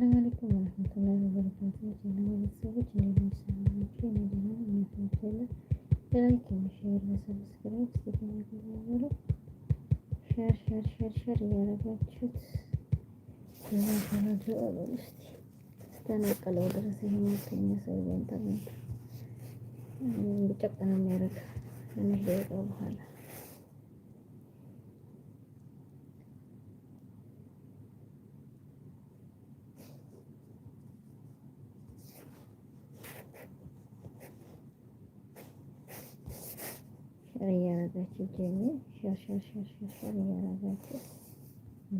ሰላም አለይኩም ወራህመቱላሂ ወበረካቱ። ዜና ቤተሰቦች እንዴት ነው ሰላማችሁ? እኔ ደህና ነኝ፣ እናንተ ላይክ ሼር፣ ሰብስክራይብ ስለሚያደርጉ ሼር ሼር ሼር ሼር እያደረጋችሁት ሰላማችሁ አበሉ እስቲ እስከነቀለው ድረስ ይሄን ከኛ ሰው ኢንተርኔት ቢጨቀን የሚያደርግ ትንሽ ደቂቃ በኋላ ሸር እያረጋችሁ ጀሜ ሸር ሸር ሸር ሸር ሸር እያረጋችሁ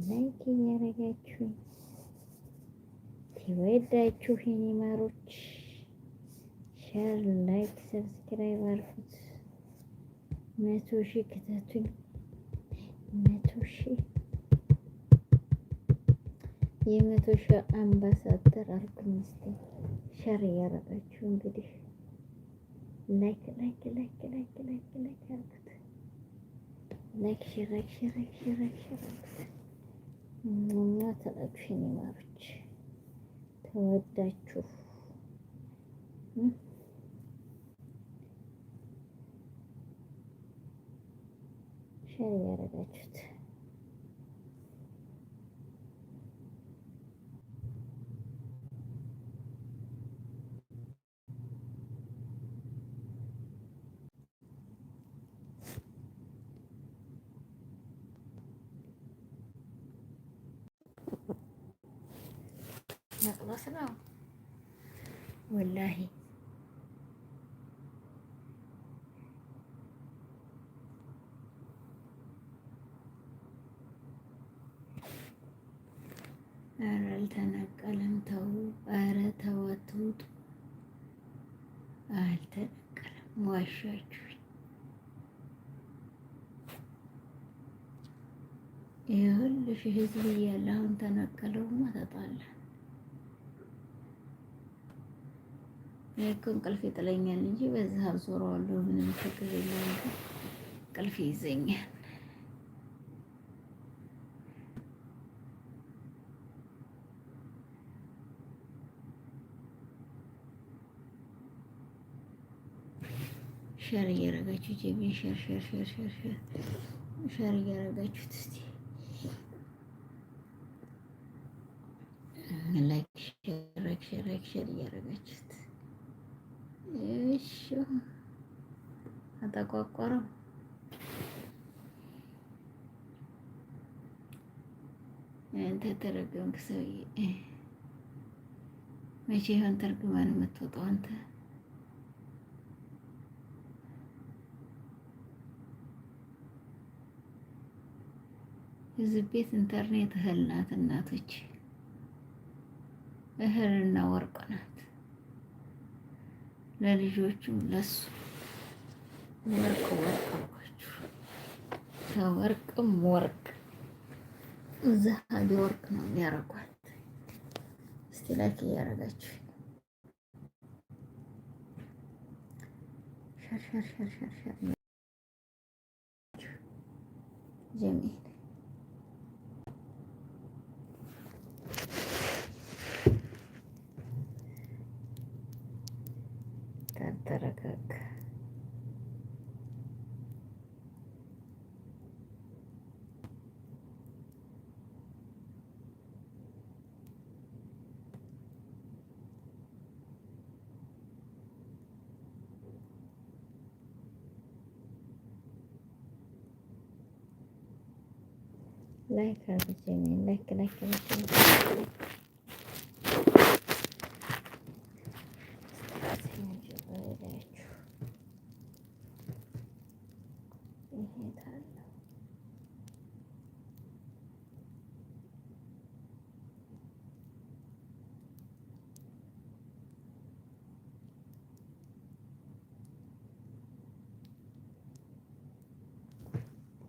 ላይክ እያረጋችሁ ትወዳችሁ የኔ ማሮች ሸር ላይክ ሰብስክራይብ አርፉት። መቶ ሺህ ክተቱኝ። መቶ ሺህ የመቶ ሺህ አምባሳደር አርጉኝ። ሸር እያረጋችሁ እንግዲህ Lek lek lek lek lek lek evet. Lek şirek şirek şirek şirek. ተጠቅሽኝ ማሮች ተወዳችሁ ሸር geçti. መቅመስ ነው ወላሂ። ኧረ አልተነቀለም፣ ተው። ኧረ ተዋትውጡ፣ አልተነቀለም። ዋሻችሁ። ይኸውልሽ ህዝብ እያለ አሁን ተነቀለውማ ተጣላ። እኔ እኮ እንቅልፍ ይጥለኛል እንጂ በዚህ አዞረዋለሁ። ምንም ችግር የለውም፣ እንቅልፍ ይዘኛል። ሸር እያረጋችሁ ጀሚን ሸር ሸር ሸር ሸር ሸር ሸር እያረጋችሁት እስቲ ላይክ ሸር ሸር ሸር እያረጋችሁት እሺ አጠቋቆረው አንተ ተረገምክ ሰውዬ፣ መቼ ይሆን ተርግማን የምትወጣው አንተ? እዚህ ቤት ኢንተርኔት እህል ናት፣ እናቶች እህልና ወርቅ ናት። ለልጆቹም ለሱ ወርቅ ወርቅ አልኳችሁ። ከወርቅም ወርቅ ዘሃቢ ወርቅ ነው የሚያረጓት። እስቲ ላይክ እያረጋችሁ ሸርሸርሸርሸርሸር ጀሚል ላይክ አድርጉኝ። ላይክ ላይክ አድርጉኝ።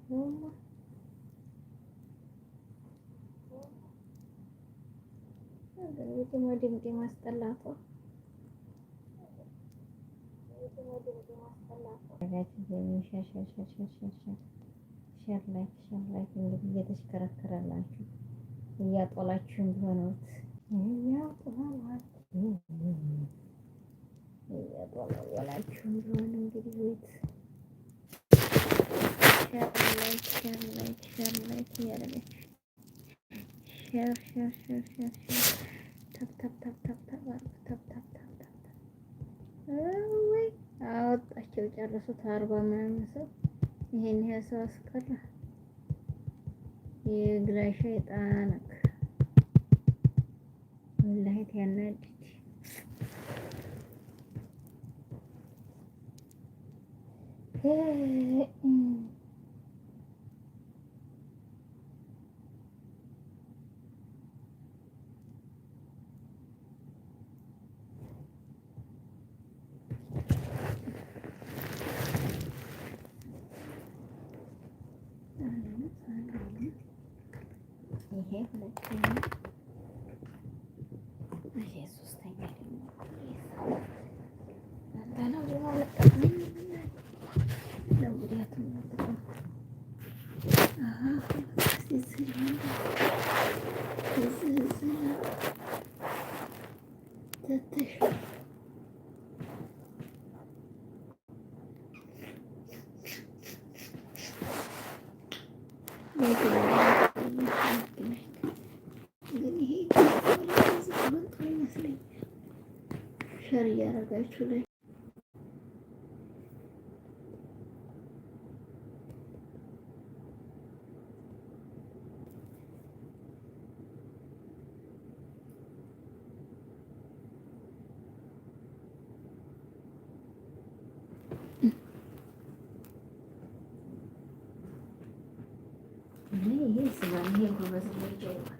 ይሄዳል የድሞ ድምጤ ማስጠላቷ ሸር ላይክ ሸር ላይክ እንግዲህ እየተሽከረከረላችሁ እያጦላችሁ ቢሆነት እያጦላላችሁ ቢሆን እንግዲህ ቤት ሸር ላይክ ሸር ላይክ ሸር ላይክ እያደረገች ሸር ሸር ሸር ሸር ሸር ወይ አወጣቸው ጨርሱት። አርባ ምናምን ሰው ይሄን ያህል ሰው አስቀረ። የግራይ ሸይጣንክ ወላሂት ያናድድ። ይሄ ሁለተኛ መስለኝ ሸር እያደረጋችሁ ላይ ይሄ ስማ ይሄ ጎበዝ ልጅ